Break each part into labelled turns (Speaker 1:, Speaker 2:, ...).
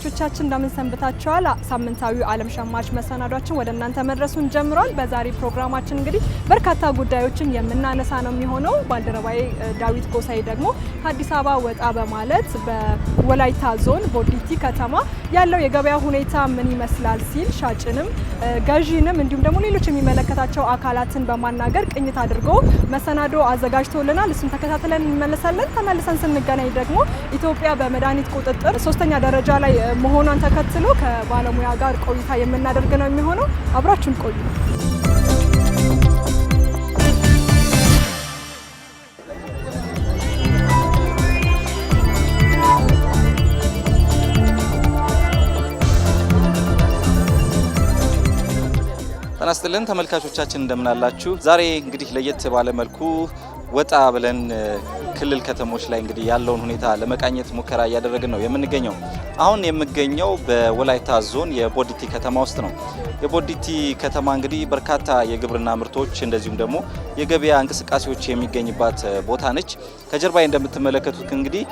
Speaker 1: ተመልካቾቻችን እንደምን ሰንብታችኋል? ሳምንታዊ ዓለም ሸማች መሰናዷችን ወደ እናንተ መድረሱን ጀምሯል። በዛሬ ፕሮግራማችን እንግዲህ በርካታ ጉዳዮችን የምናነሳ ነው የሚሆነው። ባልደረባዬ ዳዊት ጎሳይ ደግሞ ከአዲስ አበባ ወጣ በማለት በወላይታ ዞን ቦዲቲ ከተማ ያለው የገበያ ሁኔታ ምን ይመስላል ሲል ሻጭንም ገዢንም እንዲሁም ደግሞ ሌሎች የሚመለከታቸው አካላትን በማናገር ቅኝት አድርጎ መሰናዶ አዘጋጅቶልናል። እሱን ተከታትለን እንመለሳለን። ተመልሰን ስንገናኝ ደግሞ ኢትዮጵያ በመድኃኒት ቁጥጥር ሶስተኛ ደረጃ ላይ መሆኗን ተከትሎ ከባለሙያ ጋር ቆይታ የምናደርግ ነው የሚሆነው። አብራችሁን ቆዩ።
Speaker 2: ጤና ይስጥልን ተመልካቾቻችን እንደምናላችሁ። ዛሬ እንግዲህ ለየት ባለ መልኩ ወጣ ብለን ክልል ከተሞች ላይ እንግዲህ ያለውን ሁኔታ ለመቃኘት ሙከራ እያደረግን ነው የምንገኘው። አሁን የምገኘው በወላይታ ዞን የቦዲቲ ከተማ ውስጥ ነው። የቦዲቲ ከተማ እንግዲህ በርካታ የግብርና ምርቶች እንደዚሁም ደግሞ የገበያ እንቅስቃሴዎች የሚገኝባት ቦታ ነች። ከጀርባ እንደምትመለከቱት እንግዲህ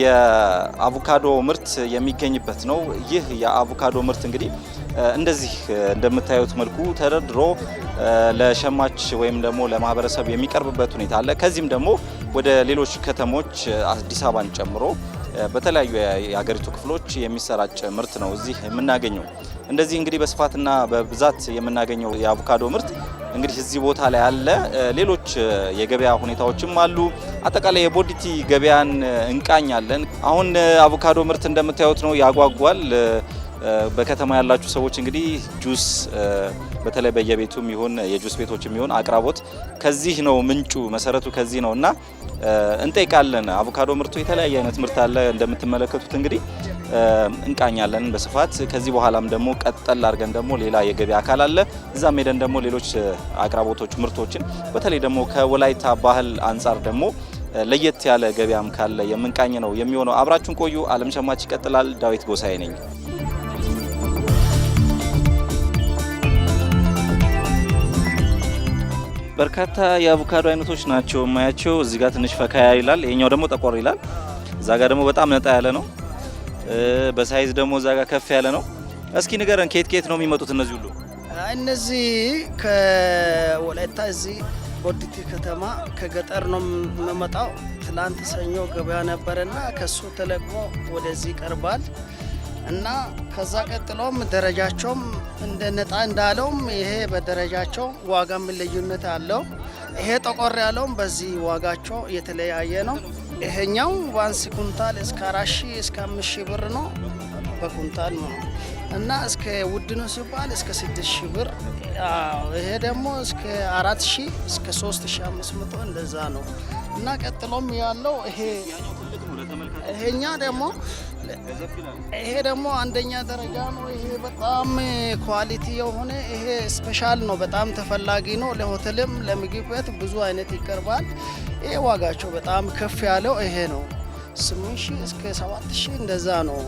Speaker 2: የአቮካዶ ምርት የሚገኝበት ነው። ይህ የአቮካዶ ምርት እንግዲህ እንደዚህ እንደምታዩት መልኩ ተደርድሮ ለሸማች ወይም ደግሞ ለማህበረሰብ የሚቀርብበት ሁኔታ አለ። ከዚህም ደግሞ ወደ ሌሎች ከተሞች አዲስ አበባን ጨምሮ በተለያዩ የሀገሪቱ ክፍሎች የሚሰራጭ ምርት ነው እዚህ የምናገኘው። እንደዚህ እንግዲህ በስፋትና በብዛት የምናገኘው የአቮካዶ ምርት እንግዲህ እዚህ ቦታ ላይ አለ። ሌሎች የገበያ ሁኔታዎችም አሉ። አጠቃላይ የቦዲቲ ገበያን እንቃኛለን። አሁን አቮካዶ ምርት እንደምታዩት ነው፣ ያጓጓል። በከተማ ያላችሁ ሰዎች እንግዲህ ጁስ በተለይ በየቤቱም ይሁን የጁስ ቤቶችም ይሁን አቅራቦት ከዚህ ነው ምንጩ፣ መሰረቱ ከዚህ ነው እና እንጠይቃለን። አቮካዶ ምርቱ የተለያየ አይነት ምርት አለ እንደምትመለከቱት እንግዲህ እንቃኛለን በስፋት ከዚህ በኋላም ደግሞ ቀጠል አድርገን ደግሞ ሌላ የገበያ አካል አለ። እዛም ሄደን ደግሞ ሌሎች አቅራቦቶች ምርቶችን በተለይ ደግሞ ከወላይታ ባህል አንጻር ደግሞ ለየት ያለ ገበያም ካለ የምንቃኝ ነው የሚሆነው። አብራችሁን ቆዩ። አለም ሸማች ይቀጥላል። ዳዊት ጎሳዬ ነኝ። በርካታ የአቮካዶ አይነቶች ናቸው የማያቸው። እዚህ ጋር ትንሽ ፈካ ይላል፣ ይሄኛው ደግሞ ጠቆር ይላል። እዛ ጋር ደግሞ በጣም ነጣ ያለ ነው። በሳይዝ ደግሞ እዛ ጋር ከፍ ያለ ነው። እስኪ ንገረን ኬት ኬት ነው የሚመጡት እነዚህ ሁሉ?
Speaker 3: እነዚህ ከወላይታ እዚህ ቦዲቲ ከተማ ከገጠር ነው የምመጣው። ትላንት ሰኞ ገበያ ነበረና ከሱ ተለቅሞ ወደዚህ ይቀርባል። እና ከዛ ቀጥሎም ደረጃቸውም እንደነጣ እንዳለውም ይሄ በደረጃቸው ዋጋም ልዩነት አለው። ይሄ ጠቆር ያለውም በዚህ ዋጋቸው የተለያየ ነው። ይሄኛው በአንስ ኩንታል እስከ አራት ሺህ እስከ አምስት ሺህ ብር ነው በኩንታል ነው እና እስከ ውድኑ ሲባል እስከ ስድስት ሺህ ብር ይሄ ደግሞ እስከ አራት ሺህ እስከ ሶስት ሺ አምስት መቶ እንደዛ ነው እና ቀጥሎም ያለው ይሄ ይሄኛ ደግሞ አለ። ይሄ ደግሞ አንደኛ ደረጃ ነው። ይሄ በጣም ኳሊቲ የሆነ ይሄ ስፔሻል ነው። በጣም ተፈላጊ ነው። ለሆቴልም ለምግብ ቤት ብዙ አይነት ይቀርባል። ይሄ ዋጋቸው በጣም ከፍ ያለው ይሄ ነው። ስምንት ሺህ እስከ ሰባት ሺህ እንደዛ ነው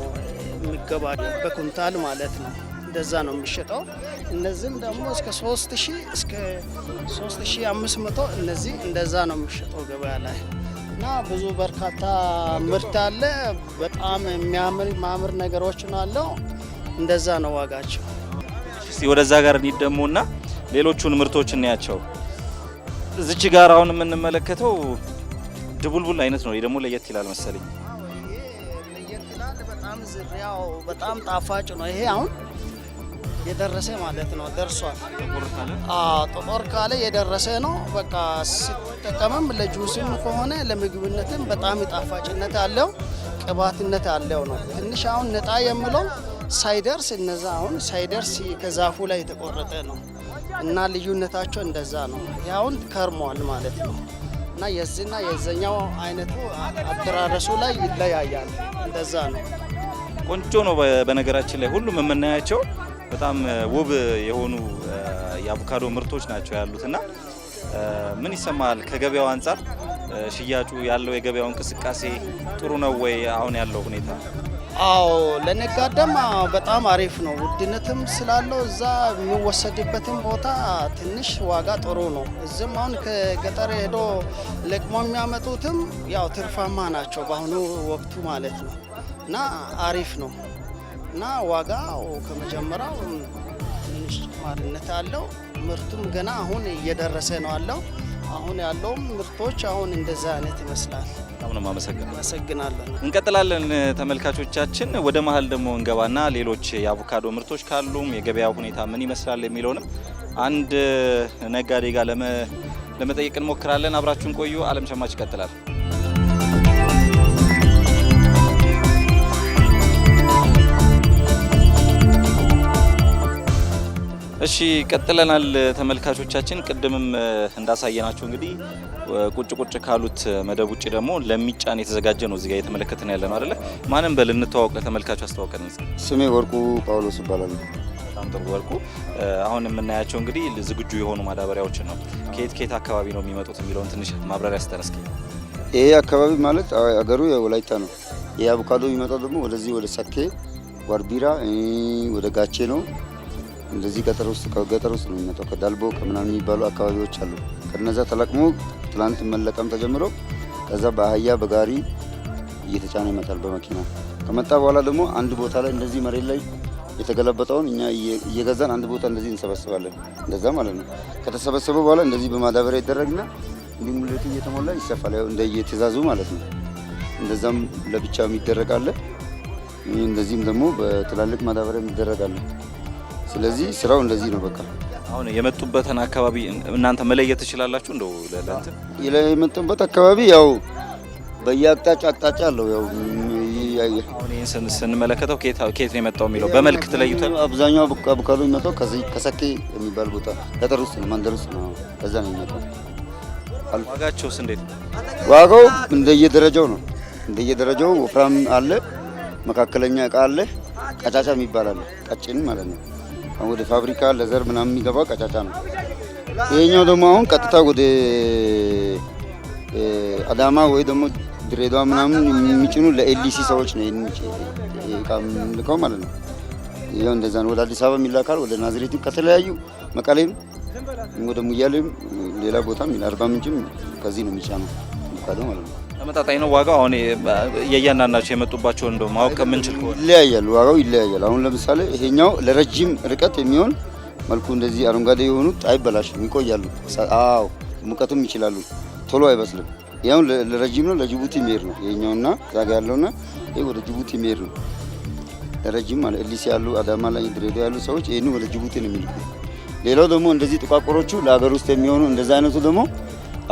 Speaker 3: የሚገባ በኩንታል ማለት ነው። እንደዛ ነው የሚሸጠው። እነዚህም ደግሞ እስከ 3000 እስከ 3500 እነዚህ እንደዛ ነው የሚሸጠው ገበያ ላይ እና ብዙ በርካታ ምርት አለ። በጣም የሚያምር ማምር ነገሮችን አለው። እንደዛ ነው ዋጋቸው።
Speaker 2: እስቲ ወደዛ ጋር እንዲደሙ ደግሞ እና ሌሎቹን ምርቶች እንያቸው። እዚች ጋር አሁን የምንመለከተው ድቡልቡል አይነት ነው። ደግሞ ለየት ይላል መሰለኝ።
Speaker 3: በጣም ዝርያው በጣም ጣፋጭ ነው። ይሄ አሁን የደረሰ ማለት ነው። ደርሷል። ጥቁር ካለ የደረሰ ነው። በቃ ሲጠቀምም ለጁስም ከሆነ ለምግብነትም በጣም ጣፋጭነት አለው፣ ቅባትነት አለው ነው። ትንሽ አሁን ነጣ የምለው ሳይደርስ እነዛ አሁን ሳይደርስ ከዛፉ ላይ የተቆረጠ ነው እና ልዩነታቸው እንደዛ ነው። ያሁን ከርሟል ማለት ነው እና የዚህና የዘኛው አይነቱ አደራረሱ ላይ ይለያያል። እንደዛ ነው።
Speaker 2: ቆንጆ ነው። በነገራችን ላይ ሁሉም የምናያቸው በጣም ውብ የሆኑ የአቮካዶ ምርቶች ናቸው ያሉት እና ምን ይሰማል ከገበያው አንጻር ሽያጩ ያለው የገበያው እንቅስቃሴ ጥሩ ነው ወይ? አሁን ያለው ሁኔታ?
Speaker 3: አዎ ለነጋዴም በጣም አሪፍ ነው። ውድነትም ስላለው እዛ የሚወሰድበትም ቦታ ትንሽ ዋጋ ጥሩ ነው። እዚም አሁን ከገጠር ሄዶ ለቅሞ የሚያመጡትም ያው ትርፋማ ናቸው በአሁኑ ወቅቱ ማለት ነው እና አሪፍ ነው። እና ዋጋው ከመጀመሪያው ትንሽ ጭማሪነት አለው። ምርቱም ገና አሁን እየደረሰ ነው አለው። አሁን ያለውም ምርቶች አሁን እንደዛ አይነት ይመስላል።
Speaker 2: በጣም ነው አመሰግናለሁ። እንቀጥላለን ተመልካቾቻችን። ወደ መሀል ደግሞ እንገባና ሌሎች የአቮካዶ ምርቶች ካሉም የገበያ ሁኔታ ምን ይመስላል የሚለውንም አንድ ነጋዴ ጋር ለመጠየቅ እንሞክራለን። አብራችሁን ቆዩ። አለም ሸማች ይቀጥላል። እሺ ቀጥለናል ተመልካቾቻችን። ቅድምም እንዳሳየናቸው እንግዲህ ቁጭ ቁጭ ካሉት መደብ ውጭ ደግሞ ለሚጫን የተዘጋጀ ነው እዚጋ እየተመለከትን ያለ ነው አይደለ? ማንም በል እንተዋወቅ፣ ለተመልካቹ አስተዋወቀን።
Speaker 3: ስሜ ወርቁ ጳውሎስ ይባላል።
Speaker 2: በጣም ጥሩ ወርቁ። አሁን የምናያቸው እንግዲህ ዝግጁ የሆኑ ማዳበሪያዎችን ነው። ከየት ከየት አካባቢ ነው የሚመጡት የሚለውን ትንሽ ማብራሪያ ስጠን
Speaker 3: ይሄ አካባቢ ማለት አገሩ የወላይታ ነው። ይሄ አቮካዶ የሚመጣው ደግሞ ወደዚህ ወደ ሰኬ ወርቢራ ወደ ጋቼ ነው እንደዚህ ገጠር ውስጥ ከገጠር ውስጥ ነው የሚመጣው ከዳልቦ ከምናምን የሚባሉ አካባቢዎች አሉ። ከነዛ ተለቅሞ ትላንት መለቀም ተጀምሮ ከዛ በአህያ በጋሪ እየተጫነ ይመጣል በመኪና ከመጣ በኋላ ደግሞ አንድ ቦታ ላይ እንደዚህ መሬት ላይ የተገለበጠውን እኛ እየገዛን አንድ ቦታ እንደዚህ እንሰበስባለን። እንደዛ ማለት ነው። ከተሰበሰበ በኋላ እንደዚህ በማዳበሪያ ይደረግና እንዲህ ሙሌቱ እየተሞላ ይሰፋል። ያው እንደየትእዛዙ ማለት ነው። እንደዛም ለብቻ የሚደረግ እንደዚህም ደግሞ በትላልቅ ማዳበሪያ ይደረጋለ። ስለዚህ ስራው እንደዚህ ነው። በቃ
Speaker 2: አሁን የመጡበትን አካባቢ እናንተ መለየት ትችላላችሁ። እንደው ለእንትን
Speaker 3: የመጡበት አካባቢ ያው በየአቅጣጫ አቅጣጫ አለው ያው
Speaker 2: አሁን ይህን ስንመለከተው ኬት ነው የመጣው የሚለው በመልክ ተለይቷል።
Speaker 3: አብዛኛው አቡካሉ የሚመጣው ከሰኬ የሚባል ቦታ ገጠር ውስጥ ነው፣ መንደር ውስጥ ነው። ከዛ ነው የሚመጣው።
Speaker 2: ዋጋቸውስ እንዴት?
Speaker 3: ዋጋው እንደየደረጃው ነው። እንደየደረጃው ወፍራም አለ፣ መካከለኛ እቃ አለ፣ ቀጫጫ የሚባል አለ፣ ቀጭን ማለት ነው። ወደ ፋብሪካ ለዘር ምናምን የሚገባ ቀጫጫ ነው። ይሄኛው ደግሞ አሁን ቀጥታ ወደ አዳማ ወይ ደግሞ ድሬዳዋ ምናምን የሚጭኑ ለኤልሲ ሰዎች ነው እቃ ማለት ነው። ይኸው እንደዛ ነው። ወደ አዲስ አበባ የሚላካል፣ ወደ ናዝሬትም፣ ከተለያዩ መቀሌም፣ ወደ ሙያሌም፣ ሌላ ቦታም አርባ ምንጭም ከዚህ ነው የሚጫነው ካለ
Speaker 2: ማለት ነው። ተመጣጣኝ ነው ዋጋው። አሁን የእያንዳንዳቸው የመጡባቸው እንደ ማወቅ የምንችል ከሆነ
Speaker 3: ይለያያል፣ ዋጋው ይለያያል። አሁን ለምሳሌ ይሄኛው ለረጅም ርቀት የሚሆን መልኩ እንደዚህ አረንጓዴ የሆኑት አይበላሽም፣ ይቆያሉ። አዎ ሙቀቱም ይችላሉ፣ ቶሎ አይበስልም። ያው ለረጅም ነው፣ ለጅቡቲ የሚሄድ ነው ይሄኛውና ዛጋ ያለውና ይሄ ወደ ጅቡቲ የሚሄድ ነው ለረጅም ማለት እሊስ ያሉ አዳማ ላይ ድሬዳዋ ያሉ ሰዎች ይህን ወደ ጅቡቲ ነው የሚልኩ። ሌላው ደግሞ እንደዚህ ጥቋቁሮቹ ለሀገር ውስጥ የሚሆኑ እንደዚህ አይነቱ ደግሞ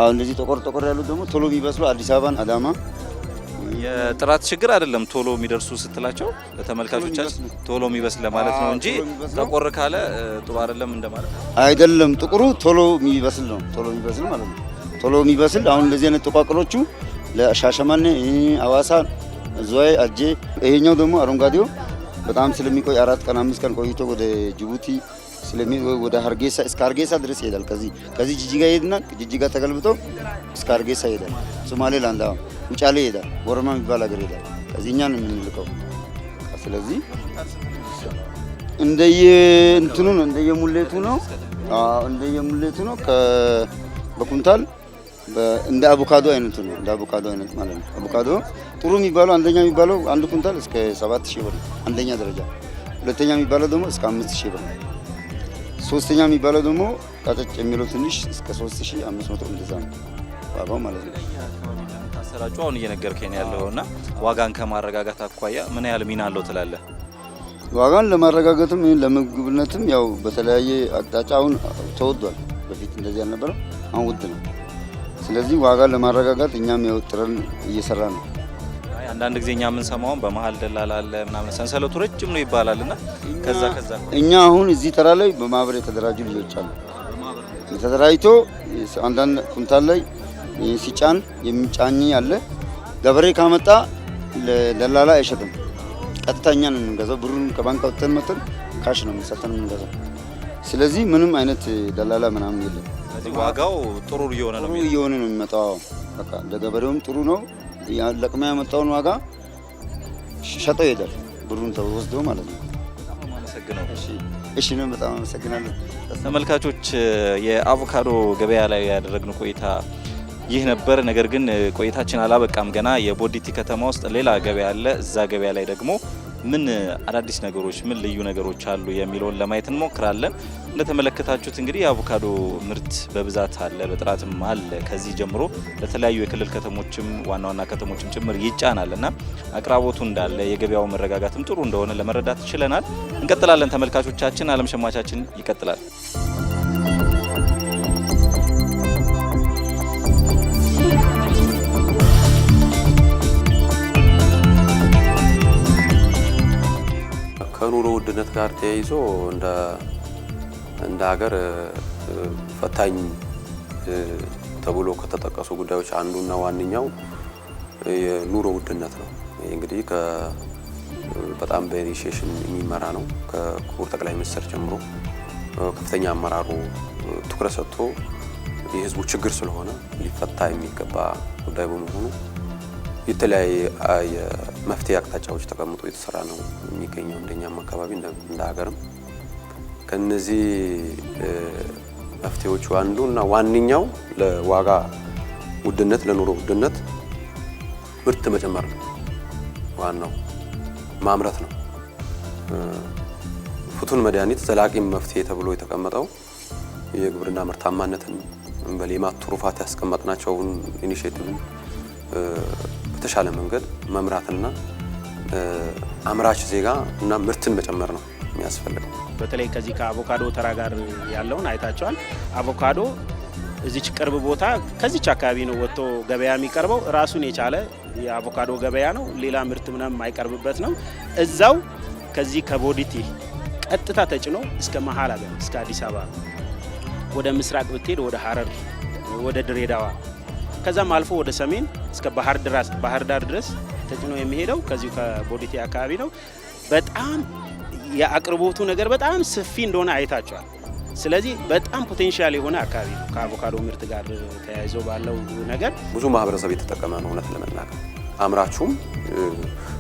Speaker 3: አሁን እንደዚህ ጠቆር ጠቆር ያሉት ደግሞ ቶሎ የሚበስሉ አዲስ አበባን አዳማ
Speaker 2: የጥራት ችግር አይደለም። ቶሎ የሚደርሱ ስትላቸው ለተመልካቾቻችን ቶሎ የሚበስል ለማለት ነው እንጂ ጠቆር ካለ ጥሩ አይደለም እንደማለት
Speaker 3: አይደለም። ጥቁሩ ቶሎ የሚበስል ነው። ቶሎ የሚበስል ማለት ነው። ቶሎ የሚበስል አሁን እንደዚህ አይነት ጥቋቅሎቹ ለሻሸማኔ፣ አዋሳ፣ ዝዋይ፣ አጄ ይሄኛው ደግሞ አረንጓዴው በጣም ስለሚቆይ አራት ቀን አምስት ቀን ቆይቶ ወደ ጅቡቲ ወደ ሀርጌሳ እስከ ሀርጌሳ ድረስ ይሄዳል። ከዚህ ከዚህ ጅጅጋ ይሄድና ጅጅጋ ተገልብጦ እስከ ሀርጌሳ ይሄዳል። ሶማሌላንድ አሁን ውጫሌ ይሄዳል። ወረማ የሚባል ሀገር ይሄዳል። ከዚህ እኛ ነው የምንልቀው። ስለዚህ እንደየ እንትኑ ነው እንደየ ሙሌቱ ነው እንደየ ሙሌቱ ነው በኩንታል እንደ አቮካዶ አይነቱ ነው። እንደ አቮካዶ አይነት ማለት ነው። አቮካዶ ጥሩ የሚባለው አንደኛ የሚባለው አንድ ኩንታል እስከ ሰባት ሺህ ብር አንደኛ ደረጃ፣ ሁለተኛ የሚባለው ደግሞ እስከ አምስት ሺህ ብር ሶስተኛ የሚባለው ደግሞ ቀጨጭ የሚለው ትንሽ እስከ 3500 እንደዛ ነው ዋጋው ማለት ነው።
Speaker 2: ታሰራጩ አሁን እየነገርከኝ ያለው እና ዋጋን ከማረጋጋት አኳያ ምን ያህል ሚና አለው ትላለህ?
Speaker 3: ዋጋን ለማረጋጋትም ለምግብነትም ያው በተለያየ አቅጣጫ አሁን ተወዷል። በፊት እንደዚህ አልነበረም። አሁን ውድ ነው። ስለዚህ ዋጋን ለማረጋጋት እኛም ያው ጥረን እየሰራ ነው።
Speaker 2: አንዳንድ ጊዜ እኛ የምንሰማውን በመሀል ደላላ አለ ምናምን ሰንሰለቱ ረጅም ነው ይባላል እና ከዛ ከዛ
Speaker 3: እኛ አሁን እዚህ ተራ ላይ በማህበር የተደራጁ ልጆች አሉ። ተደራጅቶ አንዳንድ ኩንታል ላይ ሲጫን የሚጫኝ አለ። ገበሬ ካመጣ ለደላላ አይሸጥም። ቀጥታ እኛን የምንገዛው ብሩን ከባንክ አውጥተን መጥተን ካሽ ነው የምንሰጠን የምንገዛው። ስለዚህ ምንም አይነት ደላላ ምናምን የለም።
Speaker 2: ዋጋው ጥሩ እየሆነ
Speaker 3: ነው የሚመጣው። በቃ ለገበሬውም ጥሩ ነው። ለቅማ ያመጣውን ዋጋ ሸጠው ይሄዳል። ብሩን ተወስዶ ማለት ነው። እሺ ነው። በጣም አመሰግናለሁ።
Speaker 2: ተመልካቾች የአቮካዶ ገበያ ላይ ያደረግነው ቆይታ ይህ ነበር። ነገር ግን ቆይታችን አላበቃም። ገና የቦዲቲ ከተማ ውስጥ ሌላ ገበያ አለ። እዛ ገበያ ላይ ደግሞ ምን አዳዲስ ነገሮች ምን ልዩ ነገሮች አሉ የሚለውን ለማየት እንሞክራለን። እንደተመለከታችሁት እንግዲህ የአቮካዶ ምርት በብዛት አለ፣ በጥራትም አለ። ከዚህ ጀምሮ ለተለያዩ የክልል ከተሞችም ዋና ዋና ከተሞችም ጭምር ይጫናል እና አቅራቦቱ እንዳለ የገበያው መረጋጋትም ጥሩ እንደሆነ ለመረዳት ችለናል። እንቀጥላለን ተመልካቾቻችን። አለም ሸማቻችን ይቀጥላል።
Speaker 3: ከኑሮ ውድነት ጋር ተያይዞ እንደ ሀገር ፈታኝ ተብሎ ከተጠቀሱ ጉዳዮች አንዱና ዋነኛው የኑሮ ውድነት ነው። ይህ እንግዲህ በጣም በኢኒሽሽን የሚመራ ነው። ከክቡር ጠቅላይ ሚኒስትር ጀምሮ ከፍተኛ አመራሩ ትኩረት ሰጥቶ የህዝቡ ችግር ስለሆነ ሊፈታ የሚገባ ጉዳይ በመሆኑ የተለያየ የመፍትሄ አቅጣጫዎች ተቀምጦ የተሰራ ነው የሚገኘው እንደኛም አካባቢ እንደ ሀገርም። ከነዚህ መፍትሄዎቹ አንዱ እና ዋነኛው ለዋጋ ውድነት፣ ለኑሮ ውድነት ምርት መጨመር ነው። ዋናው ማምረት ነው። ፍቱን መድኃኒት፣ ዘላቂ መፍትሄ ተብሎ የተቀመጠው የግብርና ምርታማነትን በሌማት ትሩፋት ያስቀመጥናቸውን ኢኒሽቲቭን በተሻለ መንገድ መምራትና አምራች ዜጋ እና ምርትን መጨመር ነው የሚያስፈልገው።
Speaker 2: በተለይ ከዚህ ከአቮካዶ ተራ ጋር ያለውን አይታቸዋል። አቮካዶ እዚች ቅርብ ቦታ ከዚች አካባቢ ነው ወጥቶ ገበያ የሚቀርበው። ራሱን የቻለ የአቮካዶ ገበያ ነው። ሌላ ምርት ምናም የማይቀርብበት ነው። እዛው ከዚህ ከቦዲቲ ቀጥታ ተጭኖ እስከ መሀል ሀገር እስከ አዲስ አበባ፣ ወደ ምስራቅ ብትሄድ ወደ ሀረር፣ ወደ ድሬዳዋ ከዛም አልፎ ወደ ሰሜን እስከ ባህር ዳር ድረስ ተጭኖ የሚሄደው ከዚሁ ከቦዲቲ አካባቢ ነው። በጣም የአቅርቦቱ ነገር በጣም ሰፊ እንደሆነ አይታቸዋል። ስለዚህ በጣም ፖቴንሻል የሆነ አካባቢ ነው። ከአቮካዶ ምርት ጋር ተያይዞ ባለው ነገር
Speaker 3: ብዙ ማህበረሰብ የተጠቀመ ነው። እውነት ለመናገር አምራችሁም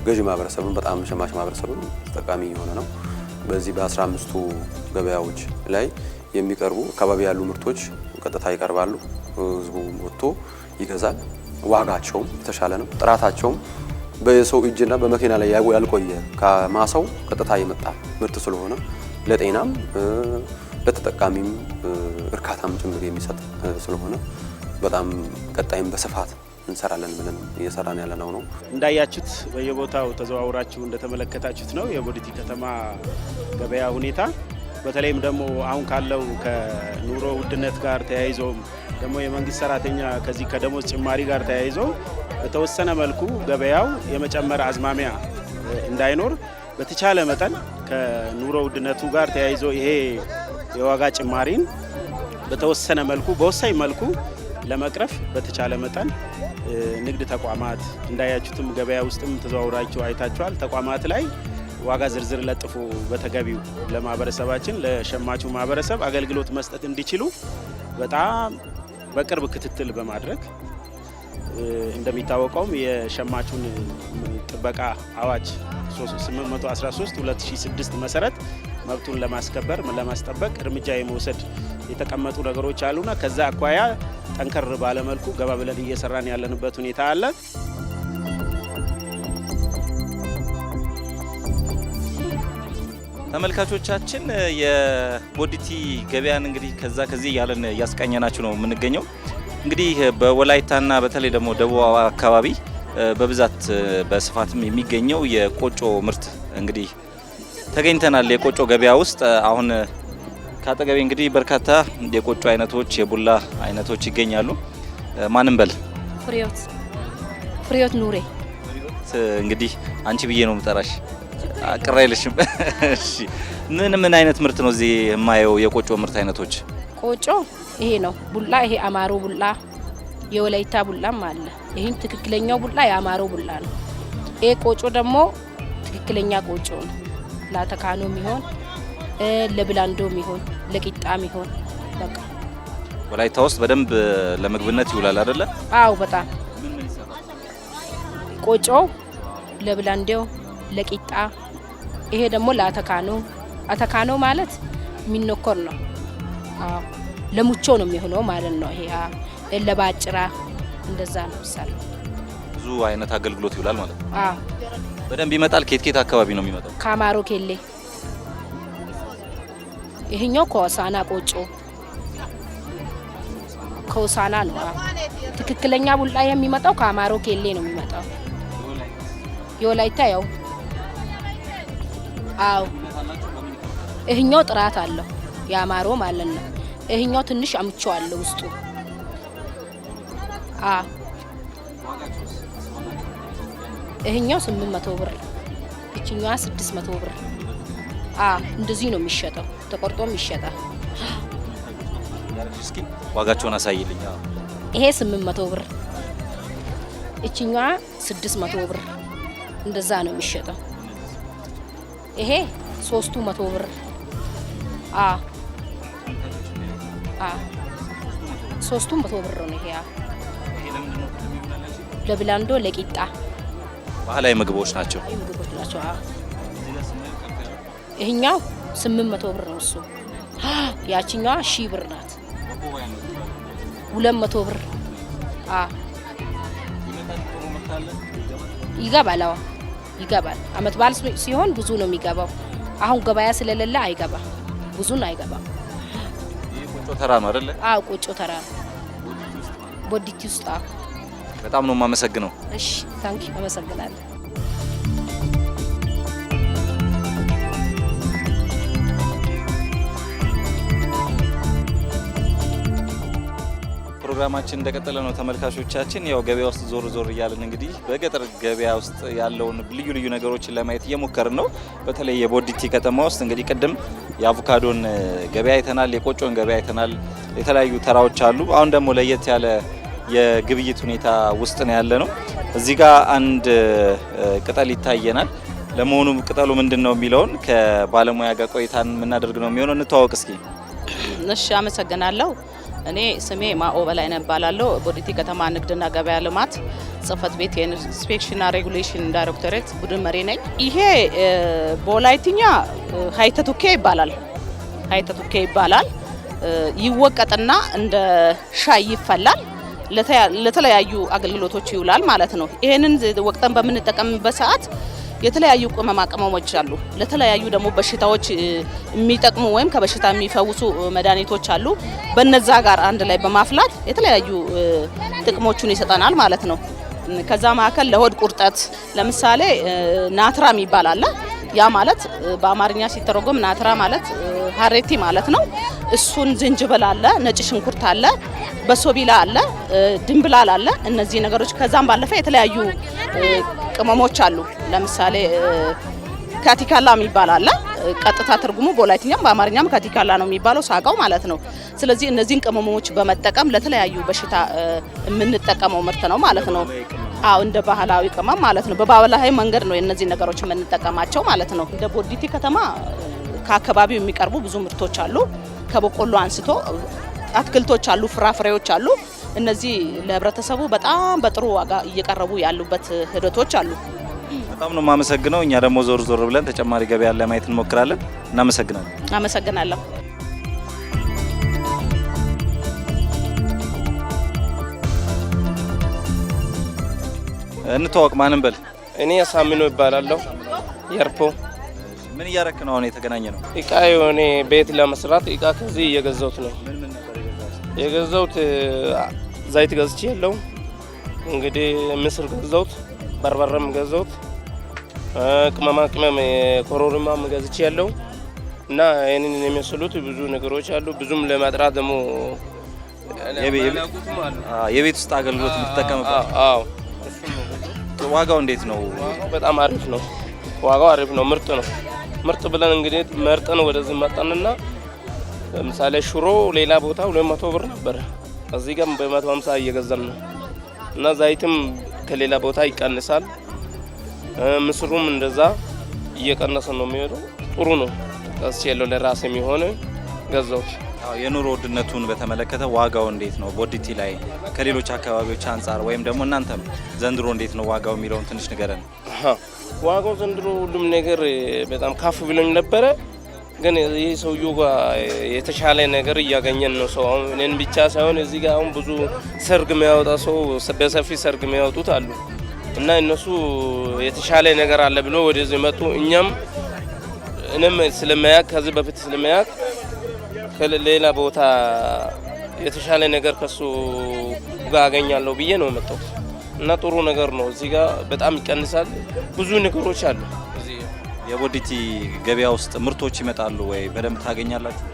Speaker 3: ገዢ ማህበረሰብም በጣም ሸማች ማህበረሰብም ተጠቃሚ የሆነ ነው። በዚህ በአስራ አምስቱ ገበያዎች ላይ የሚቀርቡ አካባቢ ያሉ ምርቶች ቀጥታ ይቀርባሉ። ህዝቡ ወጥቶ ይገዛል። ዋጋቸውም የተሻለ ነው። ጥራታቸውም በሰው እጅና በመኪና ላይ ያልቆየ ከማሳው ቀጥታ የመጣ ምርት ስለሆነ ለጤናም ለተጠቃሚም እርካታም ጭምር የሚሰጥ ስለሆነ በጣም ቀጣይም በስፋት እንሰራለን ብለን እየሰራን ያለ ነው።
Speaker 2: እንዳያችሁት በየቦታው ተዘዋውራችሁ እንደተመለከታችሁት ነው የቦዲቲ ከተማ ገበያ ሁኔታ። በተለይም ደግሞ አሁን ካለው ከኑሮ ውድነት ጋር ተያይዞም ደግሞ የመንግስት ሰራተኛ ከዚህ ከደሞዝ ጭማሪ ጋር ተያይዞ በተወሰነ መልኩ ገበያው የመጨመር አዝማሚያ እንዳይኖር በተቻለ መጠን ከኑሮ ውድነቱ ጋር ተያይዞ ይሄ የዋጋ ጭማሪን በተወሰነ መልኩ በወሳኝ መልኩ ለመቅረፍ በተቻለ መጠን ንግድ ተቋማት እንዳያችሁትም ገበያ ውስጥም ተዘዋውራችሁ አይታችኋል። ተቋማት ላይ ዋጋ ዝርዝር ለጥፎ በተገቢው ለማህበረሰባችን ለሸማቹ ማህበረሰብ አገልግሎት መስጠት እንዲችሉ በጣም በቅርብ ክትትል በማድረግ እንደሚታወቀውም የሸማቹን ጥበቃ አዋጅ 813 2006 መሰረት መብቱን ለማስከበር ለማስጠበቅ እርምጃ የመውሰድ የተቀመጡ ነገሮች አሉና ከዛ አኳያ ጠንከር ባለመልኩ ገባ ብለን እየሰራን ያለንበት ሁኔታ አለ። ተመልካቾቻችን የሞዲቲ ገበያን እንግዲህ ከዛ ከዚህ እያለን እያስቃኘናችሁ ነው የምንገኘው። እንግዲህ በወላይታና በተለይ ደግሞ ደቡብ አካባቢ በብዛት በስፋትም የሚገኘው የቆጮ ምርት እንግዲህ ተገኝተናል። የቆጮ ገበያ ውስጥ አሁን ከአጠገቤ እንግዲህ በርካታ የቆጮ አይነቶች፣ የቡላ አይነቶች ይገኛሉ። ማንም በል
Speaker 4: ፍሬዎት ፍሬዎት ኑሬ
Speaker 2: እንግዲህ አንቺ ብዬ ነው ምጠራሽ ቅር አይልሽም? እሺ። ምን ምን አይነት ምርት ነው እዚህ የማየው? የቆጮ ምርት አይነቶች?
Speaker 4: ቆጮ ይሄ ነው ቡላ፣ ይሄ አማሮ ቡላ፣ የወላይታ ቡላም አለ። ይህን ትክክለኛው ቡላ የአማሮ ቡላ ነው። ይሄ ቆጮ ደግሞ ትክክለኛ ቆጮ ነው። ላተካኖ የሚሆን ለብላንዶ የሚሆን ለቂጣ የሚሆን በቃ
Speaker 2: ወላይታ ውስጥ በደንብ ለምግብነት ይውላል አይደለ?
Speaker 4: አው በጣም ቆጮው ለብላንዴው ለቂጣ ይሄ ደግሞ ለአተካኖ አተካኖ ማለት የሚነኮር ነው። ለሙቾ ነው የሚሆነው ማለት ነው። ይሄ ለባጭራ እንደዛ ነው። ምሳሌ
Speaker 2: ብዙ አይነት አገልግሎት ይውላል ማለት ነው። በደንብ ይመጣል። ኬት ኬት አካባቢ ነው የሚመጣው?
Speaker 4: ከአማሮ ኬሌ፣ ይሄኛው ከሆሳና ቆጮ፣ ከሆሳና ነው ትክክለኛ ቡላ የሚመጣው። ከአማሮ ኬሌ ነው የሚመጣው የወላይታ ያው አዎ ይህኛው ጥራት አለው ያማረው ማለት ነው። ይህኛው ትንሽ አምቸዋለሁ ውስጡ። አዎ ይህኛው ስምንት መቶ ብር ይችኛዋ ስድስት መቶ ብር አዎ እንደዚህ ነው የሚሸጠው። ተቆርጦም ይሸጣል።
Speaker 2: ዋጋቸውን አሳይልኝ።
Speaker 4: ይሄ ስምንት መቶ ብር ይችኛዋ ስድስት መቶ ብር እንደዛ ነው የሚሸጠው። ይሄ ሶስቱ መቶ ብር ሶስቱም መቶ ብር ነው። ይሄ ለብላንዶ ለቂጣ
Speaker 2: ባህላዊ ምግቦች ናቸው
Speaker 4: ምግቦች ናቸው። ይሄኛው ስምንት መቶ ብር ነው እሱ። ያችኛዋ ሺህ ብር ናት። ሁለት መቶ ብር ይገባል። ይገባል። አመት በዓል ሲሆን ብዙ ነው የሚገባው። አሁን ገበያ ስለሌለ አይገባ ብዙን አይገባም።
Speaker 2: ቆጮ ተራ ነው አይደለ?
Speaker 4: አዎ ቆጮ ተራ ነው። ቦዲቲ ውስጥ
Speaker 2: በጣም ነው የማመሰግነው።
Speaker 4: እሺ ታንኪ አመሰግናለሁ።
Speaker 2: ፕሮግራማችን እንደቀጠለ ነው ተመልካቾቻችን። ያው ገበያ ውስጥ ዞር ዞር እያለን እንግዲህ በገጠር ገበያ ውስጥ ያለውን ልዩ ልዩ ነገሮችን ለማየት እየሞከርን ነው። በተለይ የቦዲቲ ከተማ ውስጥ እንግዲህ ቅድም የአቮካዶን ገበያ አይተናል፣ የቆጮን ገበያ አይተናል። የተለያዩ ተራዎች አሉ። አሁን ደግሞ ለየት ያለ የግብይት ሁኔታ ውስጥ ነው ያለ ነው። እዚህ ጋር አንድ ቅጠል ይታየናል። ለመሆኑ ቅጠሉ ምንድን ነው የሚለውን ከባለሙያ ጋር ቆይታን የምናደርግ ነው የሚሆነው። እንተዋወቅ እስኪ።
Speaker 4: እሺ፣ አመሰግናለሁ። እኔ ስሜ ማኦ በላይነህ ቦዲቲ ከተማ ንግድና ገበያ ልማት ጽህፈት ቤት የኢንስፔክሽንና ሬጉሌሽን ዳይሬክቶሬት ቡድን መሪ ነኝ። ይሄ በወላይትኛ ሀይተቱኬ ይባላል። ሀይተቱኬ ይባላል። ይወቀጥና እንደ ሻይ ይፈላል። ለተለያዩ አገልግሎቶች ይውላል ማለት ነው። ይህንን ወቅጠን በምንጠቀምበት ሰዓት የተለያዩ ቅመማ ቅመሞች አሉ። ለተለያዩ ደግሞ በሽታዎች የሚጠቅሙ ወይም ከበሽታ የሚፈውሱ መድኃኒቶች አሉ። በነዛ ጋር አንድ ላይ በማፍላት የተለያዩ ጥቅሞቹን ይሰጠናል ማለት ነው። ከዛ መካከል ለሆድ ቁርጠት ለምሳሌ ናትራ የሚባል አለ። ያ ማለት በአማርኛ ሲተረጎም ናትራ ማለት ሀሬቲ ማለት ነው። እሱን ዝንጅብል አለ፣ ነጭ ሽንኩርት አለ፣ በሶቢላ አለ፣ ድንብላል አለ። እነዚህ ነገሮች ከዛም ባለፈ የተለያዩ ቅመሞች አሉ። ለምሳሌ ካቲካላ የሚባል አለ። ቀጥታ ትርጉሙ በወላይትኛም በአማርኛም ካቲካላ ነው የሚባለው፣ ሳቃው ማለት ነው። ስለዚህ እነዚህን ቅመሞች በመጠቀም ለተለያዩ በሽታ የምንጠቀመው ምርት ነው ማለት ነው። አዎ እንደ ባህላዊ ቅመም ማለት ነው። በባህላዊ መንገድ ነው እነዚህ ነገሮች የምንጠቀማቸው ማለት ነው። እንደ ቦዲቲ ከተማ ከአካባቢው የሚቀርቡ ብዙ ምርቶች አሉ። ከበቆሎ አንስቶ አትክልቶች አሉ፣ ፍራፍሬዎች አሉ። እነዚህ ለህብረተሰቡ በጣም በጥሩ ዋጋ እየቀረቡ ያሉበት ሂደቶች አሉ።
Speaker 2: በጣም ነው የማመሰግነው። እኛ ደግሞ ዞር ዞር ብለን ተጨማሪ ገበያ ለማየት እንሞክራለን። እናመሰግናለን።
Speaker 4: አመሰግናለሁ።
Speaker 2: እንተዋወቅ፣ ማንም በል?
Speaker 3: እኔ ሳሚኖ ይባላለሁ። የርፖ
Speaker 2: ምን እያረክ ነው? አሁን የተገናኘ ነው።
Speaker 3: እቃ የሆነ ቤት ለመስራት እቃ ከዚህ እየገዛሁት ነው። የገዘውት ዘይት ገዝቼ ያለው እንግዲህ ምስር ገዘውት በርበረም ገዘውት ቅመማ ቅመም ኮሮሪማም ገዝቼ ያለው እና ይህንን የሚመስሉት ብዙ ነገሮች አሉ። ብዙም ለማጥራት ደግሞ
Speaker 2: የቤት ውስጥ አገልግሎት የምትጠቀምበት ዋጋው እንዴት ነው?
Speaker 3: በጣም አሪፍ ነው። ዋጋው አሪፍ ነው። ምርጥ ነው። ምርጥ ብለን እንግዲህ መርጠን ወደዚህ መጣንና ለምሳሌ ሽሮ ሌላ ቦታ ሁለት መቶ ብር ነበረ፣ እዚህ ጋር በመቶ ሀምሳ እየገዛን ነው እና ዘይትም ከሌላ ቦታ ይቀንሳል። ምስሩም እንደዛ እየቀነሰ ነው የሚሄደው። ጥሩ ነው ቀስ ያለው ለራስ የሚሆነ ገዛዎች።
Speaker 2: የኑሮ ውድነቱን በተመለከተ ዋጋው እንዴት ነው ቦዲቲ ላይ ከሌሎች አካባቢዎች አንጻር ወይም ደግሞ እናንተም ዘንድሮ እንዴት ነው ዋጋው የሚለውን ትንሽ ንገረን።
Speaker 3: ዋጋው ዘንድሮ ሁሉም ነገር በጣም ከፍ ብሎኝ ነበረ ግን ይህ ሰውዬው ጋር የተሻለ ነገር እያገኘን ነው። ሰው አሁን እኔን ብቻ ሳይሆን እዚህ ጋር አሁን ብዙ ሰርግ የሚያወጣ ሰው በሰፊ ሰርግ የሚያወጡት አሉ እና እነሱ የተሻለ ነገር አለ ብሎ ወደዚህ መጡ። እኛም እኔም ስለማያቅ ከዚህ በፊት ስለማያቅ ሌላ ቦታ የተሻለ ነገር ከሱ ጋር አገኛለሁ ብዬ ነው የመጣሁት እና ጥሩ ነገር ነው። እዚህ ጋር በጣም ይቀንሳል። ብዙ ነገሮች አሉ።
Speaker 2: የቦዲቲ ገበያ ውስጥ ምርቶች ይመጣሉ ወይ? በደንብ ታገኛላችሁ?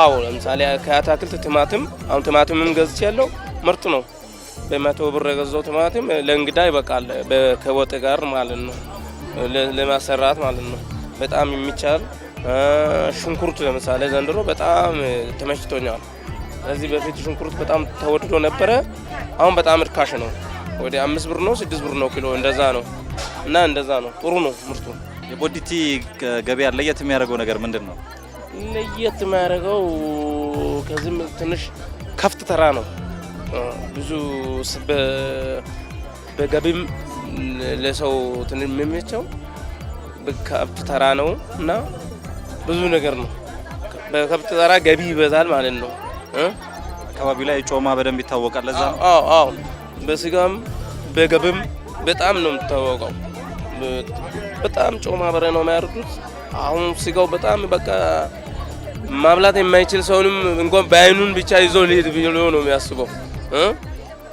Speaker 3: አዎ፣ ለምሳሌ ከአታክልት ቲማቲም፣ አሁን ቲማቲምም ገዝቼ ያለው ምርጥ ነው። በመቶ ብር የገዛው ቲማቲም ለእንግዳ ይበቃል፣ ከወጥ ጋር ማለት ነው፣ ለማሰራት ማለት ነው። በጣም የሚቻል ሽንኩርት ለምሳሌ ዘንድሮ በጣም ተመችቶኛል። ከዚህ በፊት ሽንኩርት በጣም ተወድዶ ነበረ። አሁን በጣም እርካሽ ነው። ወደ አምስት ብር ነው ስድስት ብር ነው ኪሎ እንደዛ ነው እና እንደዛ ነው ጥሩ ነው ምርቱ
Speaker 2: የቦዲቲ ገበያ ለየት የሚያደርገው ነገር ምንድን ነው?
Speaker 3: ለየት የሚያደርገው ከዚህም ትንሽ ከፍት ተራ ነው። ብዙ በገቢም ለሰው ትንሽ የሚመቸው ከብት ተራ ነው እና ብዙ ነገር ነው። በከብት ተራ ገቢ ይበዛል ማለት ነው።
Speaker 2: አካባቢው ላይ ጮማ በደንብ ይታወቃል። ለዛ
Speaker 3: ነው በስጋም በገብም በጣም ነው የምታወቀው። በጣም ጮማ በሬ ነው የሚያርዱት። አሁን ስጋው በጣም በቃ ማብላት የማይችል ሰውንም እንኳን በአይኑን ብቻ ይዞ ሊሄድ ብሎ ነው የሚያስበው።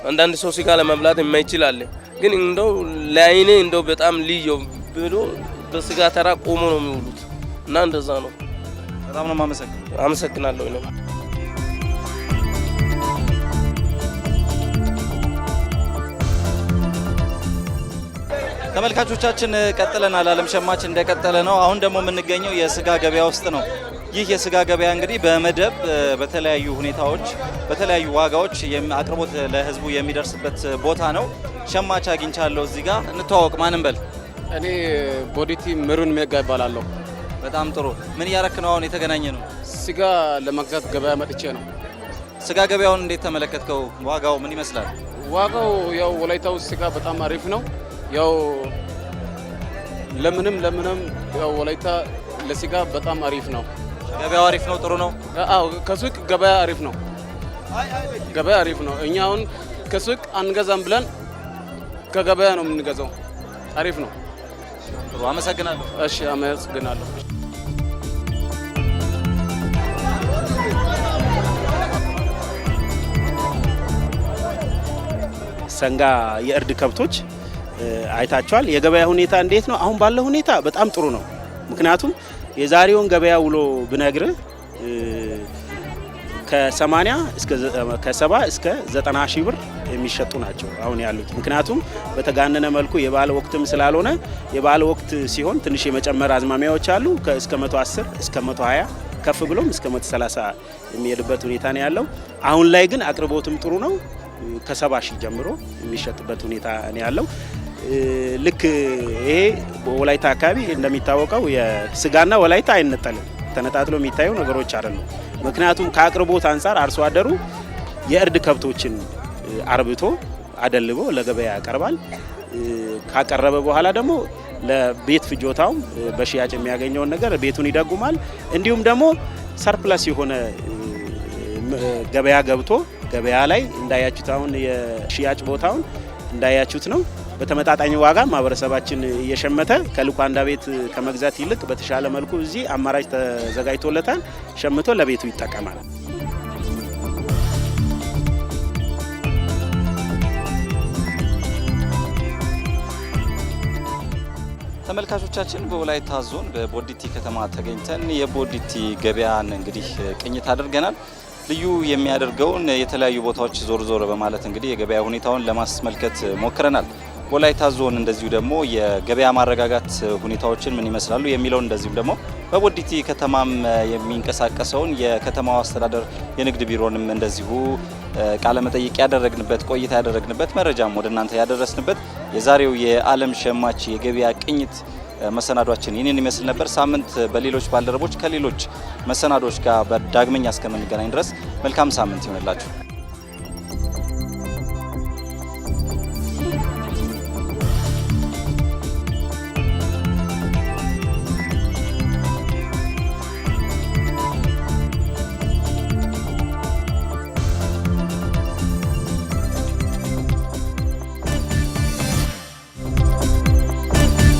Speaker 3: አንዳንድ ሰው ስጋ ለመብላት የማይችል አለ። ግን እንደው ለአይኔ እንደው በጣም ልዩ ብሎ በስጋ ተራ ቆሞ ነው የሚውሉት እና እንደዛ ነው። በጣም ነው አመሰግናለሁ።
Speaker 2: ተመልካቾቻችን ቀጥለናል። አለም ሸማች እንደቀጠለ ነው። አሁን ደግሞ የምንገኘው የስጋ ገበያ ውስጥ ነው። ይህ የስጋ ገበያ እንግዲህ በመደብ በተለያዩ ሁኔታዎች በተለያዩ ዋጋዎች አቅርቦት ለህዝቡ የሚደርስበት ቦታ ነው። ሸማች አግኝቻለሁ እዚህ ጋር እንተዋወቅ። ማንም በል
Speaker 3: እኔ ቦዲቲ ምሩን ሜጋ ይባላለሁ።
Speaker 2: በጣም ጥሩ። ምን እያረክ ነው? አሁን የተገናኘ ነው።
Speaker 3: ስጋ ለመግዛት ገበያ መጥቼ ነው።
Speaker 2: ስጋ ገበያውን እንዴት ተመለከትከው? ዋጋው ምን ይመስላል?
Speaker 3: ዋጋው ያው ወላይታው ስጋ በጣም አሪፍ ነው። ያው ለምንም ለምንም ያው ወላይታ ለስጋ በጣም አሪፍ ነው።
Speaker 2: ገበያው አሪፍ ነው፣ ጥሩ ነው።
Speaker 3: አዎ ከሱቅ ገበያ አሪፍ ነው። ገበያ አሪፍ ነው። እኛ አሁን ከሱቅ አንገዛም ብለን ከገበያ ነው የምንገዛው። አሪፍ ነው።
Speaker 2: ጥሩ አመሰግናለሁ።
Speaker 3: እሺ አመሰግናለሁ።
Speaker 2: ሰንጋ የእርድ ከብቶች አይታቸዋል። የገበያ ሁኔታ እንዴት ነው? አሁን ባለው ሁኔታ በጣም ጥሩ ነው። ምክንያቱም የዛሬውን ገበያ ውሎ ብነግር ከ80 እስከ ከ እስከ ዘጠና ሺህ ብር የሚሸጡ ናቸው አሁን ያሉት። ምክንያቱም በተጋነነ መልኩ የባለ ወቅትም ስላልሆነ የባለ ወቅት ሲሆን ትንሽ የመጨመር አዝማሚያዎች አሉ። እስከ 110 እስከ 120 ከፍ ብሎም እስከ 130 የሚሄድበት ሁኔታ ነው ያለው። አሁን ላይ ግን አቅርቦትም ጥሩ ነው። ሺህ ጀምሮ የሚሸጥበት ሁኔታ ነው ያለው። ልክ ይሄ ወላይታ አካባቢ እንደሚታወቀው የስጋና ወላይታ አይነጠልም፣ ተነጣጥሎ የሚታዩ ነገሮች አይደሉ። ምክንያቱም ከአቅርቦት አንጻር አርሶ አደሩ የእርድ ከብቶችን አርብቶ አደልቦ ለገበያ ያቀርባል። ካቀረበ በኋላ ደግሞ ለቤት ፍጆታውም በሽያጭ የሚያገኘውን ነገር ቤቱን ይደጉማል። እንዲሁም ደግሞ ሰርፕለስ የሆነ ገበያ ገብቶ ገበያ ላይ እንዳያችሁት አሁን የሽያጭ ቦታውን እንዳያችሁት ነው በተመጣጣኝ ዋጋ ማህበረሰባችን እየሸመተ ከልኳንዳ ቤት ከመግዛት ይልቅ በተሻለ መልኩ እዚህ አማራጭ ተዘጋጅቶለታል። ሸምቶ ለቤቱ ይጠቀማል። ተመልካቾቻችን በወላይታ ዞን በቦዲቲ ከተማ ተገኝተን የቦዲቲ ገበያን እንግዲህ ቅኝት አድርገናል። ልዩ የሚያደርገውን የተለያዩ ቦታዎች ዞር ዞር በማለት እንግዲህ የገበያ ሁኔታውን ለማስመልከት ሞክረናል። ወላይታ ዞን እንደዚሁ ደግሞ የገበያ ማረጋጋት ሁኔታዎችን ምን ይመስላሉ የሚለውን እንደዚሁም ደግሞ በቦዲቲ ከተማም የሚንቀሳቀሰውን የከተማው አስተዳደር የንግድ ቢሮንም እንደዚሁ ቃለ መጠይቅ ያደረግንበት ቆይታ ያደረግንበት መረጃም ወደ እናንተ ያደረስንበት የዛሬው የዓለም ሸማች የገበያ ቅኝት መሰናዷችን ይህንን ይመስል ነበር። ሳምንት በሌሎች ባልደረቦች ከሌሎች መሰናዶች ጋር በዳግመኛ እስከምንገናኝ ድረስ መልካም ሳምንት ይሆንላችሁ።